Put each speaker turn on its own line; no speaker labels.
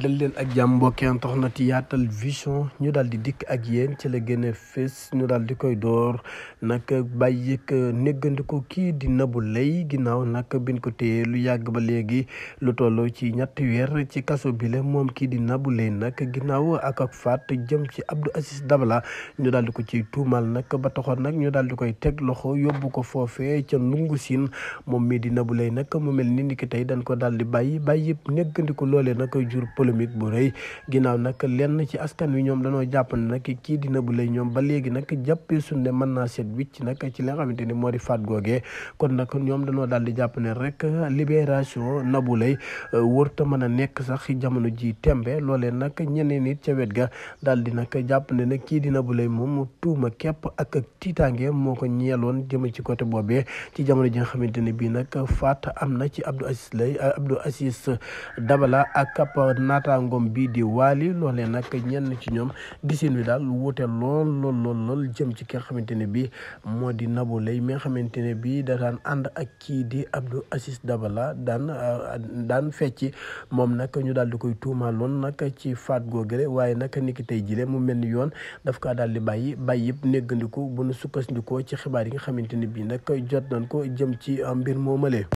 dal leen ak jàmm mbokk tax na ci yaatal vision ñu daal di dikk ak yéen ci la gën fees fés ñu daal di koy door nag bay yëg néggandiku kii di Nabou Leye ginnaaw nag biñ ko téye lu yàgg ba léegi lu tolloo ci ñetti weer ci kaso bi moom kii di nabu Leye nag ginnaaw ak ak faat jëm ci Abdou Aziz Dabala ñu daal di ko ci tuumal nag ba taxoon nag ñu daal di koy teg loxo yóbbu ko foofee ca Ndungu Siin moom mii di nabu Leye nag mu mel ni ni ki tey dañ ko daal di bàyyi bàyyi yëpp néggandiku loolee nag jur pël polémique bu rëy ginnaaw nag lenn ci askan wi ñoom dañoo jàpp ne kii dina bu lay ñoom ba léegi nag jàppee suñ ne mën naa seet wicc nag ci li nga xamante ni moo di faat googee kon nag ñoom dañoo daal di jàpp ne rek libération Nabou Leye euh, wërta mën a nekk sax jamono ji tembe loolee nag ñeneen nit ca wet ga daal di nag jàpp nag kii di Nabou Leye moom tuuma képp ak ak tiitaange moo ko ñeeloon jëm ci côté boobee ci jamono ji nga xamante ne bii nag faat am na ci Abdou Aziz euh, naataangoom bii di waali loole nag ñenn ci ñoom gisin wi daal wuute lool lool lool jëm ci ki nga xamante ne bii moo di nabu Leye mi nga xamante ne bii da daan ànd ak kii di Abdou asis Dabala daan euh, daan fecci moom nag ñu daal di koy tuumaaloon nag ci faat googale waaye nag ni ki tey jile mu mel ni yoon daf kaa daal di bàyyi bàyyi yëpp néggandiku bu nu sukkandikoo ci xibaar yi nga xamante ne bii nag jot nañ ko jëm ci euh, mbir moomalee